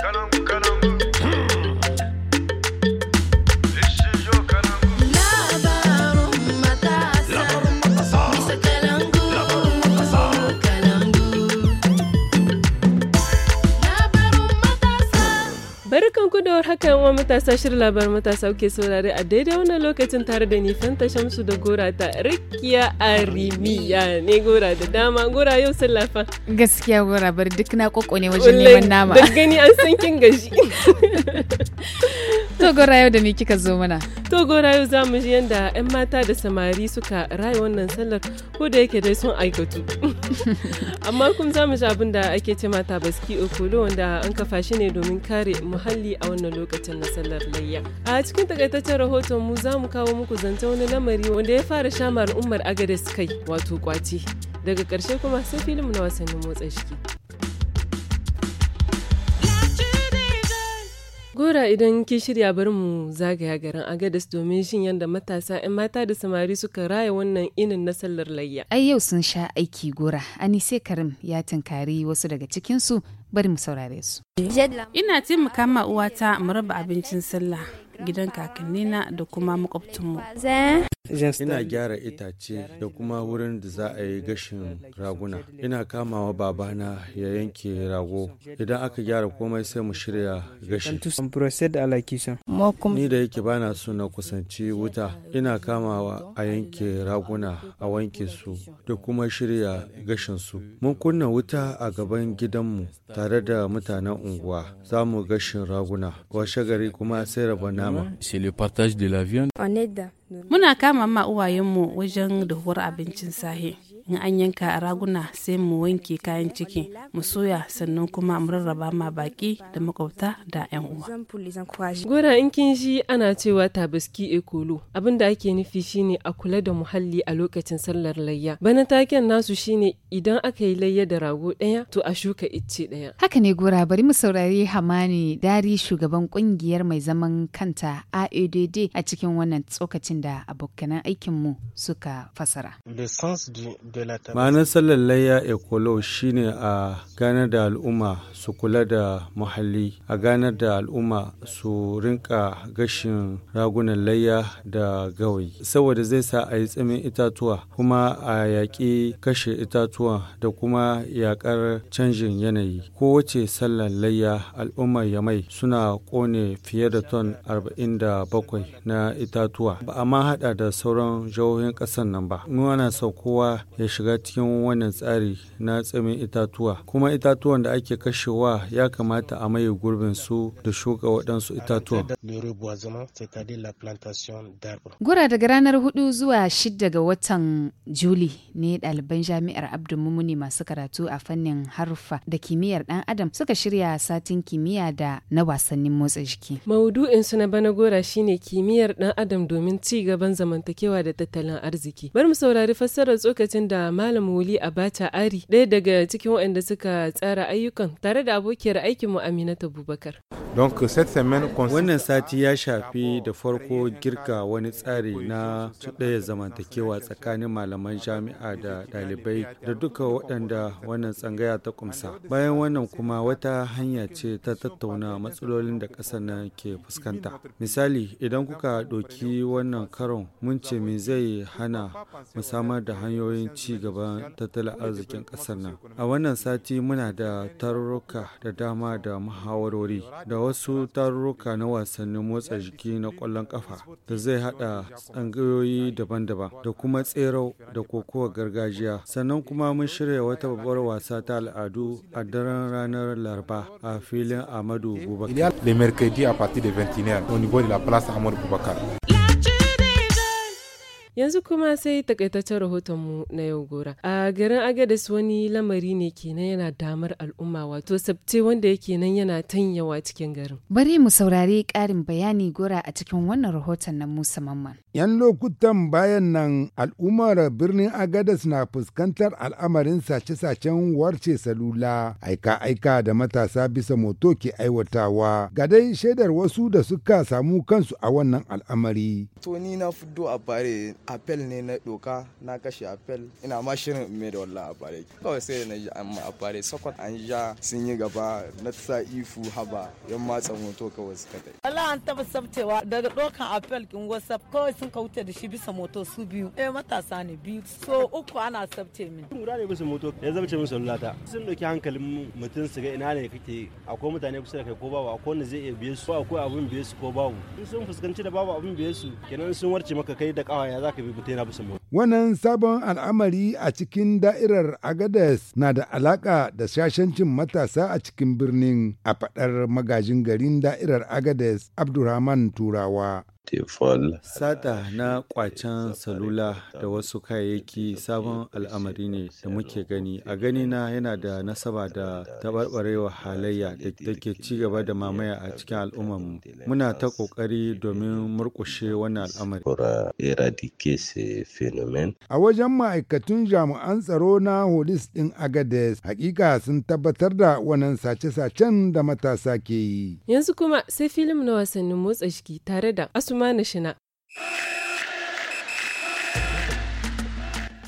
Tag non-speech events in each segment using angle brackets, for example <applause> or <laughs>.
Canum, on. Kamar haka yawan matasa shirin labar matasa ke saurari a daidai wannan lokacin tare da ni Fanta Shamsu da Gora ta Rikiya Arimiya ne Gora da dama Gora yau sun lafa. Gaskiya Gora bar duk na koko ne wajen neman nama. Da gani an san kin gashi. <laughs> To Gora yau da ni kika zo mana? To Gora yau za mu ji yadda 'yan mata da samari suka raye wannan sallar ko da yake dai sun aikatu. <laughs> Amma kuma za mu ji abin da ake ce mata baski okolo wanda an kafa shi ne domin kare muhalli a wannan wannan lokacin na sallar layya. A cikin takaitaccen rahoton mu za mu kawo muku zanta wani lamari wanda ya fara shama al'ummar Agades kai wato kwaci. Daga ƙarshe kuma sai filin na wasannin motsa jiki. Gora idan ke shirya bari mu zagaya garin agadis domin shin yadda matasa 'yan mata da samari suka raya wannan inin na sallar layya. Ai yau sun sha aiki gora, Anise Karim ya tunkari wasu daga cikinsu bari mu saurare su. Ina taimaka ma uwata mu raba abincin sallah gidan kakannina da kuma makwabtanmu. Ina gyara itace da kuma wurin da za a yi gashin raguna. Ina kamawa babana ya yanke rago. Idan aka gyara komai sai mu shirya gashi. Ni da yake bana so na kusanci wuta, ina kamawa a yanke raguna a wanke su da kuma shirya gashin su. Mun kunna wuta a gaban gidanmu tare da mutanen unguwa. Za mu gashin raguna, washe gari kuma sai raba nama. Muna kama ma uwayenmu wajen dahuwar abincin sahe. in an yanka a raguna sai mu wanke kayan ciki mu soya sannan kuma mu rarraba ma baki da makwabta da 'yan uwa. Gora in kin shi ana cewa tabaski ekolo abin da ake nufi shine a kula da muhalli a lokacin sallar layya. Bana taken nasu shine idan aka yi layya da rago ɗaya to a shuka icce ɗaya. Haka ne gora bari mu saurari Hamani Dari shugaban kungiyar mai zaman kanta AEDD a cikin wannan tsokacin da abokanan aikinmu suka fasara. Le Ma'anar sallar layya ekolo shine a ganar da al'umma su kula da muhalli, a ganar da al'umma su rinka gashin ragunan layya da gawayi. Saboda zai sa a yi tsamin itatuwa kuma a yaƙi kashe itatuwa da kuma yaƙar canjin yanayi. Kowace sallar layya al'ummar Yamai suna ƙone fiye da ton 47 na itatuwa. Ba a ma haɗa da sauran jihohin ƙasar nan ba. Muna so kowa ya shiga cikin wannan tsari na tsamin itatuwa kuma itatuwan da ake kashewa ya kamata a maye gurbin su da shuka waɗansu itatuwan. Gura daga ranar 4 zuwa 6 ga watan Juli ne ɗaliban jami'ar Abdulmumuni masu karatu a fannin haruffa da kimiyyar ɗan adam suka shirya satin kimiyya da na wasannin motsa jiki. Maudu'in su na bana gora shine kimiyyar ɗan adam domin ci gaban zamantakewa da tattalin arziki. Bar mu saurari fassarar tsokacin da Malam Wuli Abacha Ari, ɗaya daga cikin waɗanda suka tsara ayyukan tare da abokiyar aikinmu Aminata Bubakar. Wannan sati ya shafi da farko girka wani tsari na ɗaya zamantakewa tsakanin malaman jami'a da ɗalibai da duka waɗanda wannan tsangaya ta kumsa. Bayan wannan kuma wata hanya ce ta tattauna matsalolin da ƙasar nan ke fuskanta. Misali, idan kuka ɗoki wannan karon mun ce me zai hana mu samar da hanyoyin ci gaban tattalin arzikin ƙasar nan. A wannan sati muna da tarurruka da dama da muhawarori da wasu tarurruka na wasannin motsa jiki na kwallon kafa da zai haɗa tsangayoyi daban-daban da kuma tsero da kokowa gargajiya sannan kuma mun shirya wata babbar wasa ta al'adu a daren ranar laraba a filin amadu bubakar. Le mercredi da partir de 21 au niveau de la place amadu Yanzu kuma sai takaitaccen rahotonmu na yau gora. A garin agadis wani lamari ne kenan yana damar al'umma wato sabte wanda yake nan yana tanyawa cikin garin. Bari mu saurari ƙarin bayani gora a cikin wannan rahoton na Musa Mamman. Yan lokutan bayan nan al'ummar birnin agadis na fuskantar al'amarin sace-sacen warce salula aika-aika da matasa bisa moto ke aiwatawa ga dai shaidar wasu da suka samu kansu a wannan al'amari. To ni na fito a bare apel ne na doka na kashe apel ina ma shirin me da wallah a fare kawai sai na ji an ma a fare sakon an ja sun yi gaba na ta ifu haba yan matsa moto kawai suka tai wallah an taba sabtewa daga dokan apel kin whatsapp kawai sun ka wuce da shi bisa moto su biyu eh matasa ne biyu so uku ana sabte min mura ne bisa moto ya zabce min sallata sun doki hankalin mutum su ga ina ne kake akwai mutane kusa da kai ko babu akwai wanda zai iya biye su akwai abun biye su ko babu sun fuskanci da babu abun biye su kenan sun warce maka kai da kawaya zaka Wannan sabon al'amari a cikin da'irar Agadez na da alaƙa da shashancin matasa a cikin birnin a faɗar magajin garin da'irar Agadez Abdurrahman Turawa. Sata na kwacen salula da wasu kayayyaki sabon al'amari ne da muke gani. A gani na yana da nasaba da tabarbarewa halayya da ke ci gaba da mamaya a cikin al'ummarmu. Muna ta ƙoƙari domin murkushe wannan al'amari. Uh, a wajen ma'aikatun jami'an tsaro na Holis din Agades, hakika sun tabbatar da wannan sace-sacen da matasa ke yi. Yanzu kuma sai filim na wasannin motsa jiki tare da asuma imani shina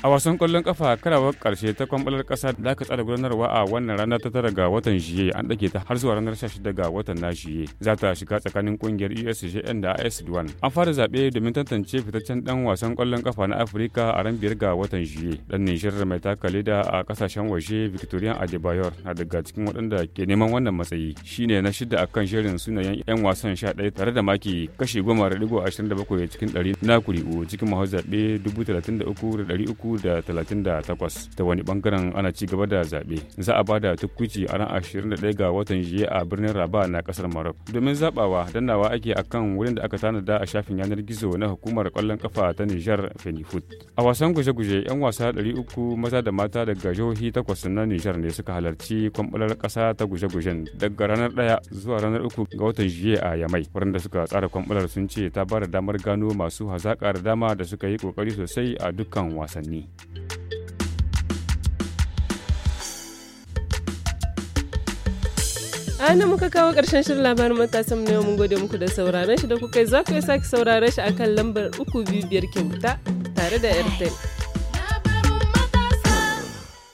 A wasan kwallon kafa karawar karshe ta kwambalar kasa da aka tsara gudanarwa a wannan ranar ta tara ga watan shiye an dake ta har zuwa ranar 16 ga watan na shiye Za ta shiga tsakanin kungiyar USJN da AS 1 An fara zaɓe domin tantance fitaccen dan wasan kwallon kafa na Afirka a ran biyar ga watan shiye Dan nigeria mai takale da a kasashen waje Victorian Adebayor na daga cikin waɗanda ke neman wannan matsayi. Shine na shida kan shirin sunayen 'yan wasan 11 tare da maki kashi 10.27 cikin 100 na kuri'u cikin mahau zaɓe 33,300 2038 ta wani bangaren ana ci gaba da zaɓe za a ba da tukwici a ran 21 ga watan jiya a birnin raba na ƙasar marok domin zabawa dannawa ake a kan wurin da aka tanada a shafin yanar gizo na hukumar kwallon ƙafa ta nijar fenifut a wasan guje-guje 'yan wasa 300 maza da mata daga jihohi takwas na nijar ne suka halarci kwamɓalar ƙasa ta guje-gujen daga ranar ɗaya zuwa ranar uku ga watan jiya a yamai da suka tsara kwamɓalar sun ce ta ba da damar gano masu hazaƙa da dama da suka yi ƙoƙari sosai a dukkan wasanni a ana muka kawo ƙarshen shirin labarin matasan na yau mun gode muku da sauraron shi da kuka yi za ku sake sauraron shi akan lambar uku biyu biyar kyauta tare da airtel